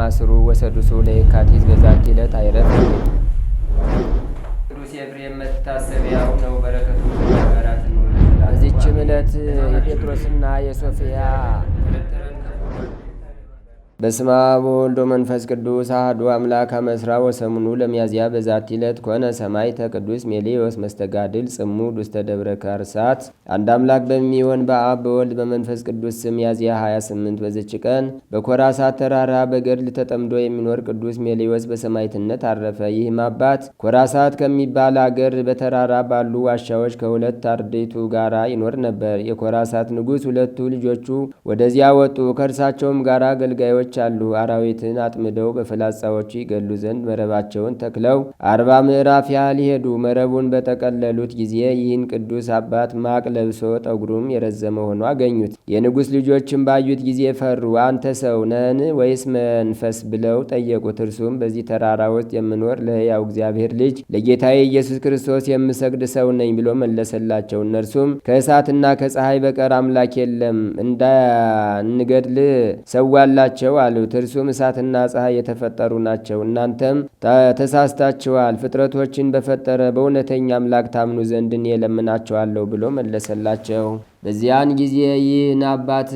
ማስሩ ወሰዱሱ ለየካቲት በዛቲ ዕለት አይረፍ ቅዱስ ኤፍሬም መታሰቢያው ነው። በረከቱ በዚችም ዕለት የጴጥሮስና የሶፊያ በስማ በወልዶ መንፈስ ቅዱስ አህዱ አምላክ አመስራ ወሰሙኑ ለሚያዝያ በዛቲ ዕለት ኮነ ሰማዕተ ቅዱስ ሜሌዎስ መስተጋድል ጽሙድ ውስተ ደብረ ከርሳት። አንድ አምላክ በሚሆን በአብ በወልድ በመንፈስ ቅዱስ ስም ሚያዝያ 28 በዘች ቀን በኮራሳት ተራራ በገድል ተጠምዶ የሚኖር ቅዱስ ሜሌዎስ በሰማዕትነት አረፈ። ይህም አባት ኮራሳት ከሚባል አገር በተራራ ባሉ ዋሻዎች ከሁለት አርድእቱ ጋራ ይኖር ነበር። የኮራሳት ንጉሥ ሁለቱ ልጆቹ ወደዚያ ወጡ። ከእርሳቸውም ጋራ አገልጋዮች ሰዎች አሉ። አራዊትን አጥምደው በፍላጻዎቹ ይገሉ ዘንድ መረባቸውን ተክለው አርባ ምዕራፍ ያህል ይሄዱ። መረቡን በጠቀለሉት ጊዜ ይህን ቅዱስ አባት ማቅ ለብሶ ጠጉሩም የረዘመ ሆኖ አገኙት። የንጉሥ ልጆችም ባዩት ጊዜ ፈሩ። አንተ ሰው ነህን ወይስ መንፈስ ብለው ጠየቁት። እርሱም በዚህ ተራራ ውስጥ የምኖር ለሕያው እግዚአብሔር ልጅ ለጌታዬ ኢየሱስ ክርስቶስ የምሰግድ ሰው ነኝ ብሎ መለሰላቸው። እነርሱም ከእሳትና ከፀሐይ በቀር አምላክ የለም እንዳንገድል ሰዋላቸው አሉት። እርሱም እሳትና ፀሐይ የተፈጠሩ ናቸው። እናንተም ተሳስታችኋል፣ ፍጥረቶችን በፈጠረ በእውነተኛ አምላክ ታምኑ ዘንድ እኔ እለምናችኋለሁ ብሎ መለሰላቸው። በዚያን ጊዜ ይህን አባት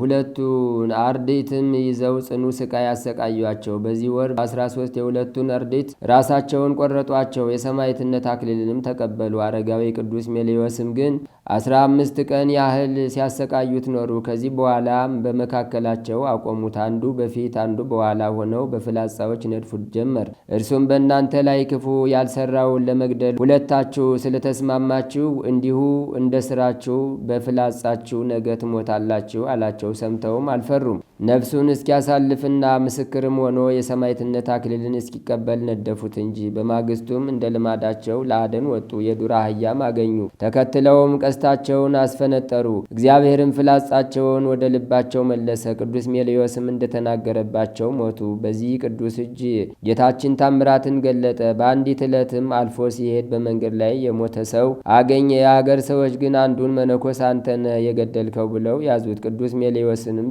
ሁለቱን አርዴትም ይዘው ጽኑ ስቃይ አሰቃዩአቸው። በዚህ ወር በአስራ ሶስት የሁለቱን አርዴት ራሳቸውን ቆረጧቸው። የሰማዕትነት አክሊልንም ተቀበሉ። አረጋዊ ቅዱስ ሜሌዎስም ግን አስራ አምስት ቀን ያህል ሲያሰቃዩት ኖሩ። ከዚህ በኋላም በመካከላቸው አቆሙት። አንዱ በፊት አንዱ በኋላ ሆነው በፍላጻዎች ነድፉት ጀመር። እርሱም በእናንተ ላይ ክፉ ያልሰራውን ለመግደል ሁለታችሁ ስለተስማማችሁ እንዲሁ እንደ ስራችሁ በፍላጻችሁ ነገ ትሞታላችሁ አላቸው። ሰምተውም አልፈሩም። ነፍሱን እስኪያሳልፍና ምስክርም ሆኖ የሰማይትነት አክሊልን እስኪቀበል ነደፉት እንጂ። በማግስቱም እንደ ልማዳቸው ለአደን ወጡ። የዱር አህያም አገኙ። ተከትለውም ቀስታቸውን አስፈነጠሩ። እግዚአብሔርም ፍላጻቸውን ወደ ልባቸው መለሰ። ቅዱስ ሜልዮስም እንደተናገረባቸው ሞቱ። በዚህ ቅዱስ እጅ ጌታችን ታምራትን ገለጠ። በአንዲት ዕለትም አልፎ ሲሄድ በመንገድ ላይ የሞተ ሰው አገኘ። የአገር ሰዎች ግን አንዱን መነኮስ አንተነ የገደልከው ብለው ያዙት። ቅዱስ ሜልዮስንም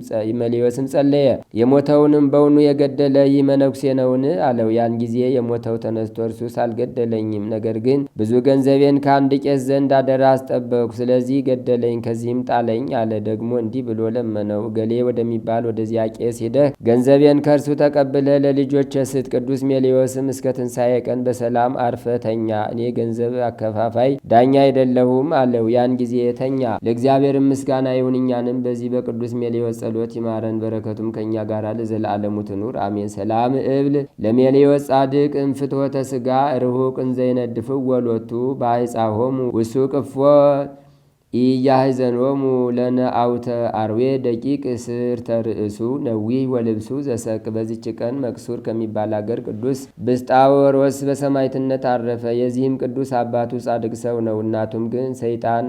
ዳዊትም ጸለየ። የሞተውንም በውኑ የገደለ ይህ መነኩሴ ነውን? አለው። ያን ጊዜ የሞተው ተነስቶ እርሱስ አልገደለኝም፣ ነገር ግን ብዙ ገንዘቤን ከአንድ ቄስ ዘንድ አደራ አስጠበቅኩ፣ ስለዚህ ገደለኝ፣ ከዚህም ጣለኝ አለ። ደግሞ እንዲህ ብሎ ለመነው፣ እገሌ ወደሚባል ወደዚያ ቄስ ሄደ ገንዘቤን ከእርሱ ተቀብለ ለልጆች ስት ቅዱስ ሜሌዎስም እስከ ትንሣኤ ቀን በሰላም አርፈ ተኛ፣ እኔ ገንዘብ አከፋፋይ ዳኛ አይደለሁም አለው። ያን ጊዜ ተኛ። ለእግዚአብሔር ምስጋና ይሁን፣ እኛንም በዚህ በቅዱስ ሜሌዎስ ጸሎት ይማረን በረከቱም ከእኛ ጋር ለዘላለሙ ትኑር አሜን። ሰላም እብል ለሜልዮት ጻድቅ እምፍትወተ ስጋ ርሁቅ እንዘይነድፍ ወሎቱ ባይጻሆም ውሱ እፎ ኢያሕዘኖሙ ለነአውተ አርዌ ደቂቅ እስር ተርእሱ ነዊ ወልብሱ ዘሰቅ። በዚች ቀን መክሱር ከሚባል አገር ቅዱስ ብስጣወሮስ በሰማይትነት አረፈ። የዚህም ቅዱስ አባቱ ጻድቅ ሰው ነው። እናቱም ግን ሰይጣን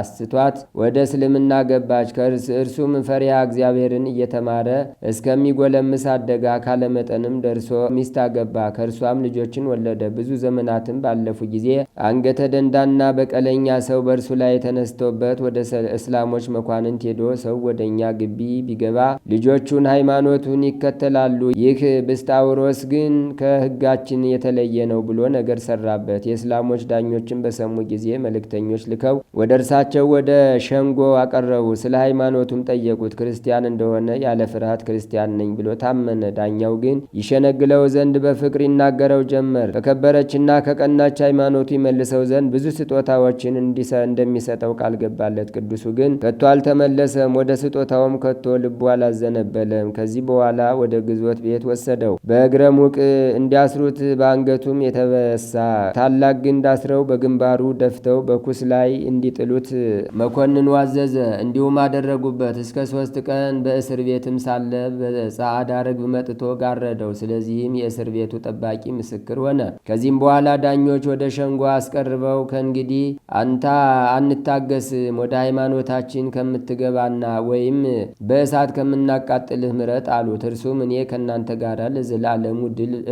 አስትቷት ወደ እስልምና ገባች። ከእርሱም ፈሪሃ እግዚአብሔርን እየተማረ እስከሚጎለምስ አደጋ ካለመጠንም ደርሶ ሚስት አገባ። ከእርሷም ልጆችን ወለደ። ብዙ ዘመናትም ባለፉ ጊዜ አንገተ ደንዳና በቀለኛ ሰው በእርሱ ላይ ተነስተውበት ወደ እስላሞች መኳንንት ሄዶ ሰው ወደ እኛ ግቢ ቢገባ ልጆቹን ሃይማኖቱን ይከተላሉ፣ ይህ ብስጣውሮስ ግን ከህጋችን የተለየ ነው ብሎ ነገር ሰራበት። የእስላሞች ዳኞችን በሰሙ ጊዜ መልእክተኞች ልከው ወደ እርሳቸው ወደ ሸንጎ አቀረቡ። ስለ ሃይማኖቱም ጠየቁት። ክርስቲያን እንደሆነ ያለ ፍርሃት ክርስቲያን ነኝ ብሎ ታመነ። ዳኛው ግን ይሸነግለው ዘንድ በፍቅር ይናገረው ጀመር። ከከበረችና ከቀናች ሃይማኖቱ ይመልሰው ዘንድ ብዙ ስጦታዎችን እንደሚሰጠው እንደሚሰጠው ቃል ገባለት። ቅዱሱ ግን ከቶ አልተመለሰም፣ ወደ ስጦታውም ከቶ ልቡ አላዘነበለም። ከዚህ በኋላ ወደ ግዞት ቤት ወሰደው። በእግረ ሙቅ እንዲያስሩት በአንገቱም የተበሳ ታላቅ ግንድ አስረው በግንባሩ ደፍተው በኩስ ላይ እንዲጥሉት መኮንኑ አዘዘ። እንዲሁም አደረጉበት። እስከ ሶስት ቀን በእስር ቤትም ሳለ በጸዓዳ ርግብ መጥቶ ጋረደው። ስለዚህም የእስር ቤቱ ጠባቂ ምስክር ሆነ። ከዚህም በኋላ ዳኞች ወደ ሸንጎ አስቀርበው ከእንግዲህ አንታ አንታ ከምትታገስም ወደ ሃይማኖታችን ከምትገባና ወይም በእሳት ከምናቃጥልህ ምረጥ አሉት። እርሱም እኔ ከእናንተ ጋር ለዘላለሙ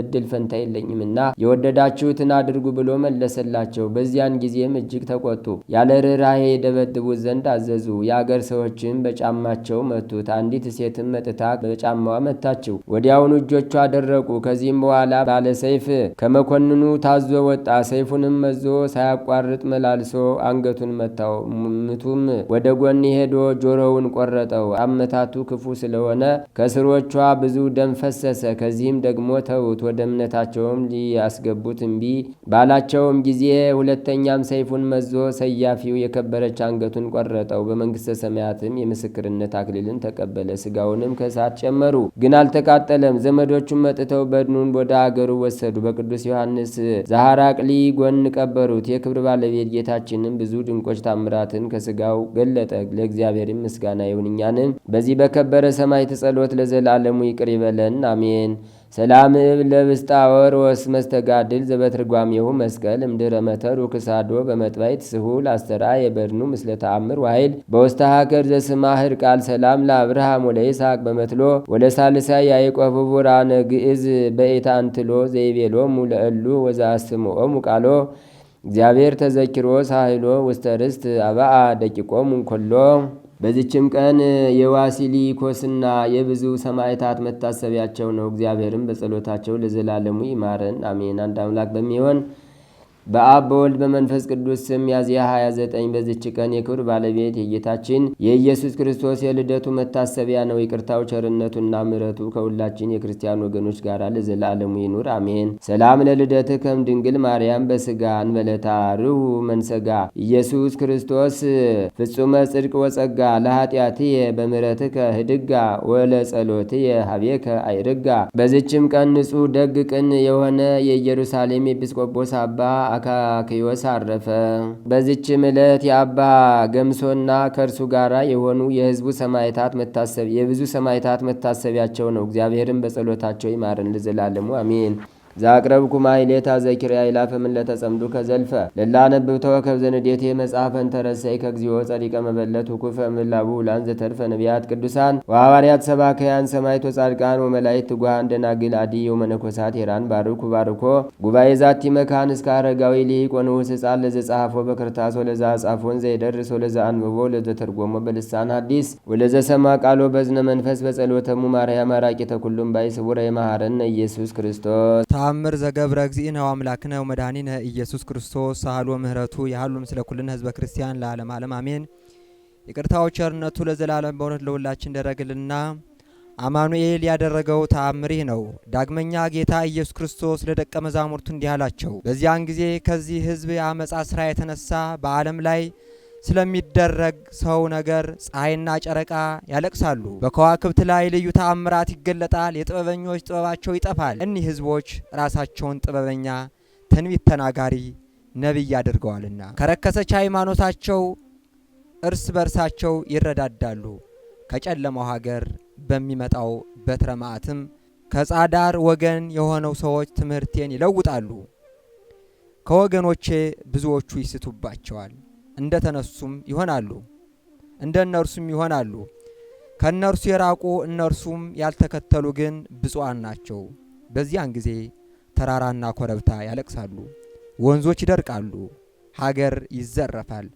እድል ፈንታ የለኝምና የወደዳችሁትን አድርጉ ብሎ መለሰላቸው። በዚያን ጊዜም እጅግ ተቆጡ፣ ያለ ርኅራኄ የደበድቡት ዘንድ አዘዙ። የአገር ሰዎችም በጫማቸው መቱት። አንዲት ሴትም መጥታ በጫማዋ መታችው፣ ወዲያውኑ እጆቿ ደረቁ። ከዚህም በኋላ ባለ ሰይፍ ከመኮንኑ ታዞ ወጣ። ሰይፉንም መዞ ሳያቋርጥ መላልሶ አንገቱን መታው። መታው። ምቱም ወደ ጎን ሄዶ ጆሮውን ቆረጠው። አመታቱ ክፉ ስለሆነ ከስሮቿ ብዙ ደም ፈሰሰ። ከዚህም ደግሞ ተውት፣ ወደ እምነታቸውም ሊያስገቡት እምቢ ባላቸውም ጊዜ ሁለተኛም ሰይፉን መዞ ሰያፊው የከበረች አንገቱን ቆረጠው። በመንግስተ ሰማያትም የምስክርነት አክሊልን ተቀበለ። ስጋውንም ከእሳት ጨመሩ፣ ግን አልተቃጠለም። ዘመዶቹም መጥተው በድኑን ወደ አገሩ ወሰዱ። በቅዱስ ዮሐንስ ዘሐራቅሊ ጎን ቀበሩት። የክብር ባለቤት ጌታችንም ብዙ ድንቆች ታምራትን ከስጋው ገለጠ። ለእግዚአብሔር ምስጋና ይሁን እኛንም በዚህ በከበረ ሰማዕት ጸሎት ለዘላለሙ ይቅር ይበለን አሜን። ሰላም ለብስጣወር ወስ መስተጋድል ዘበትርጓሜሁ መስቀል እምድኅረ መተሩ ክሳዶ በመጥባይ ትስሁል አስተራ የበድኑ ምስለ ተአምር ዋይል በውስተ ሀገር ዘስማህር ቃል ሰላም ለአብርሃም ወለይስሐቅ በመትሎ ወለሳልሳይ ያዕቆብ ቡራነ ግዕዝ በኤታንትሎ ዘይቤሎሙ ለእሉ ወዛስምዖሙ ቃሎ እግዚአብሔር ተዘኪሮ ሳህሎ ውስተ ርስት አበአ ደቂቆም እንኮሎ። በዚችም ቀን የዋሲሊኮስና የብዙ ሰማዕታት መታሰቢያቸው ነው። እግዚአብሔርም በጸሎታቸው ለዘላለሙ ይማረን አሜን። አንድ አምላክ በሚሆን በአብ በወልድ በመንፈስ ቅዱስ ስም ሚያዝያ 29 በዚች ቀን የክብር ባለቤት የጌታችን የኢየሱስ ክርስቶስ የልደቱ መታሰቢያ ነው። ይቅርታው ቸርነቱና ምረቱ ከሁላችን የክርስቲያን ወገኖች ጋር ለዘላለሙ ይኑር አሜን። ሰላም ለልደት ከም ድንግል ማርያም በስጋ እንበለታ ርሁ መንሰጋ ኢየሱስ ክርስቶስ ፍጹመ ጽድቅ ወጸጋ ለኃጢአትየ በምረት ከህድጋ ወለ ሀቤ ሀቤከ አይርጋ። በዚችም ቀን ንጹህ ደግ ቅን የሆነ የኢየሩሳሌም ኤጲስቆጶስ አባ አካክዮስ አረፈ። በዚችም ዕለት የአባ ገምሶና ከእርሱ ጋር የሆኑ የህዝቡ ሰማይታት መታሰብ የብዙ ሰማይታት መታሰቢያቸው ነው። እግዚአብሔርን በጸሎታቸው ይማረን ለዘላለሙ አሜን። ዛቅረብኩ ማይሌታ ዘኪርያ ይላፈምን ለተጸምዱ ከዘልፈ ለላነብብ ተወከብ ዘንዴቴ መጽሐፈን ተረሰይ ከግዚኦ ጸዲቀ መበለት ኩፈ ምላቡ ላን ዘተርፈ ነቢያት ቅዱሳን ወሐዋርያት ሰባከያን ሰማይቶ ጻድቃን ወመላይት ትጓሃን ደናግል አዲ መነኮሳት ሄራን ባርኩ ባርኮ ጉባኤ ዛቲ መካን እስከ አረጋዊ ሊቅ ወንዑስ ሕፃን ለዘጸሐፎ በክርታስ ወለዛ አጻፎን ዘይደርስ ወለዛ አንብቦ ለዘተርጎሞ በልሳን ሐዲስ ወለዘ ሰማ ቃሎ በዝነ መንፈስ በጸሎተሙ ማርያም አራቂ ተኩሉም ባይ ስቡረ የማሃረነ ኢየሱስ ክርስቶስ ተአምር ዘገብረ እግዚእነ ወአምላክነ ወመድኃኒነ ኢየሱስ ክርስቶስ ሳህሉ ምህረቱ ያህሉ ምስለ ኩልነ ህዝበ ክርስቲያን ለዓለም ዓለም አሜን። ይቅርታው ቸርነቱ ለዘላለም በእውነት ለሁላችን ደረግልና አማኑኤል ያደረገው ተአምር ይህ ነው። ዳግመኛ ጌታ ኢየሱስ ክርስቶስ ለደቀ መዛሙርቱ እንዲህ አላቸው፣ በዚያን ጊዜ ከዚህ ህዝብ የአመፃ ስራ የተነሳ በዓለም ላይ ስለሚደረግ ሰው ነገር ፀሐይና ጨረቃ ያለቅሳሉ። በከዋክብት ላይ ልዩ ተአምራት ይገለጣል። የጥበበኞች ጥበባቸው ይጠፋል። እኒህ ህዝቦች ራሳቸውን ጥበበኛ፣ ትንቢት ተናጋሪ፣ ነቢይ አድርገዋልና ከረከሰች ሃይማኖታቸው እርስ በርሳቸው ይረዳዳሉ። ከጨለማው ሀገር በሚመጣው በትረ መዓትም ከጻዳር ወገን የሆነው ሰዎች ትምህርቴን ይለውጣሉ። ከወገኖቼ ብዙዎቹ ይስቱባቸዋል። እንደ ተነሱም ይሆናሉ እንደ እነርሱም ይሆናሉ። ከእነርሱ የራቁ እነርሱም ያልተከተሉ ግን ብፁዓን ናቸው። በዚያን ጊዜ ተራራና ኮረብታ ያለቅሳሉ፣ ወንዞች ይደርቃሉ፣ ሀገር ይዘረፋል፣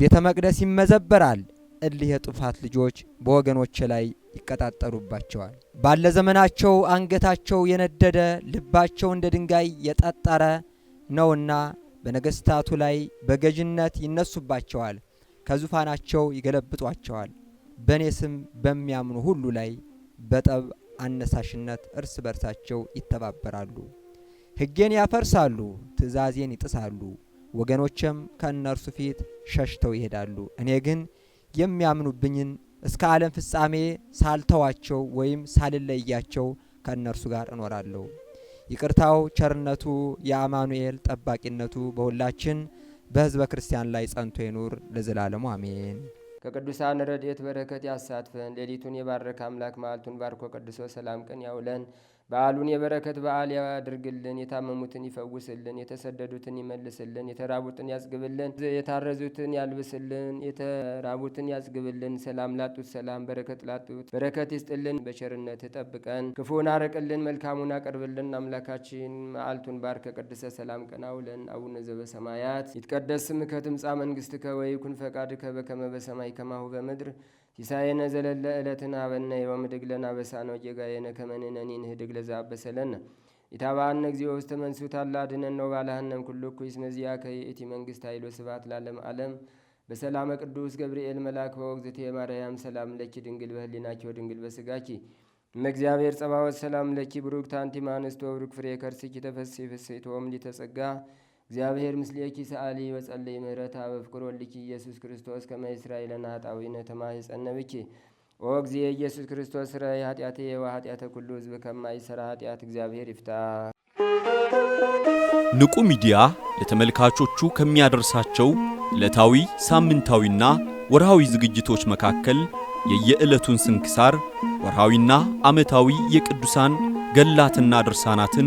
ቤተ መቅደስ ይመዘበራል። እሊህ የጥፋት ልጆች በወገኖች ላይ ይቀጣጠሩባቸዋል። ባለ ዘመናቸው አንገታቸው የነደደ ልባቸው እንደ ድንጋይ የጠጠረ ነውና በነገስታቱ ላይ በገዥነት ይነሱባቸዋል፣ ከዙፋናቸው ይገለብጧቸዋል። በእኔ ስም በሚያምኑ ሁሉ ላይ በጠብ አነሳሽነት እርስ በርሳቸው ይተባበራሉ። ሕጌን ያፈርሳሉ፣ ትእዛዜን ይጥሳሉ። ወገኖችም ከእነርሱ ፊት ሸሽተው ይሄዳሉ። እኔ ግን የሚያምኑብኝን እስከ ዓለም ፍጻሜ ሳልተዋቸው ወይም ሳልለያቸው ከእነርሱ ጋር እኖራለሁ። ይቅርታው፣ ቸርነቱ፣ የአማኑኤል ጠባቂነቱ በሁላችን በህዝበ ክርስቲያን ላይ ጸንቶ ይኑር ለዘላለሙ አሜን። ከቅዱሳን ረድኤት በረከት ያሳትፈን። ሌሊቱን የባረከ አምላክ መዓልቱን ባርኮ ቀድሶ ሰላም ቀን ያውለን። በዓሉን የበረከት በዓል ያድርግልን። የታመሙትን ይፈውስልን። የተሰደዱትን ይመልስልን። የተራቡትን ያጽግብልን። የታረዙትን ያልብስልን። የተራቡትን ያጽግብልን። ሰላም ላጡት ሰላም፣ በረከት ላጡት በረከት ይስጥልን። በቸርነት ጠብቀን፣ ክፉን አረቅልን፣ መልካሙን አቅርብልን። አምላካችን መዓልቱን ባር ቅድሰ ሰላም ቀን አውለን። አቡነ ዘበሰማያት ይትቀደስ ስምከ ትምጻእ መንግሥትከ ወይኩን ፈቃድከ በከመ በሰማይ ከማሁ በምድር ሲሳየነ ዘለለ ዕለትን አበነ የወምድግለን ወኅድግ ለነ አበሳነ ወጌጋየነ ከመንነኒን ንሕነኒ ለዛ ለዘአበሰለነ ኢታብአነ እግዚኦ ውስተ መንሱት አላ ድነን ነው ባላህነን ኩሉ እኩይ እስመዚያ ከይእቲ መንግስት ኃይሎ ስባት ላለም ዓለም በሰላመ ቅዱስ ገብርኤል መልአክ በወግዝቴ ማርያም ሰላም ለኪ ድንግል በህሊናኪ ድንግል በስጋኪ እመእግዚአብሔር ጸባወት ሰላም ለኪ ብሩክ ታንቲ ማንስቶ ብሩክ ፍሬ ከርስኪ ተፈሥሒ ፍሥሕት ወምልዕተ ጸጋ እግዚአብሔር ምስሌኪ ሰአሊ ወጸለይ ምህረታ በፍቅር ወልኪ ኢየሱስ ክርስቶስ ከመ እስራኤልና አጣዊነ ተማኅፀነ ብኪ ኦ እግዚእ ኢየሱስ ክርስቶስ ስራይ የዋ ወኃጢአተ ኩሉ ህዝብ ከማይሰራ ኃጢአት እግዚአብሔር ይፍታ። ንቁ ሚዲያ ለተመልካቾቹ ከሚያደርሳቸው ዕለታዊ ሳምንታዊና ወርሃዊ ዝግጅቶች መካከል የየዕለቱን ስንክሳር ወርሃዊና ዓመታዊ የቅዱሳን ገላትና ድርሳናትን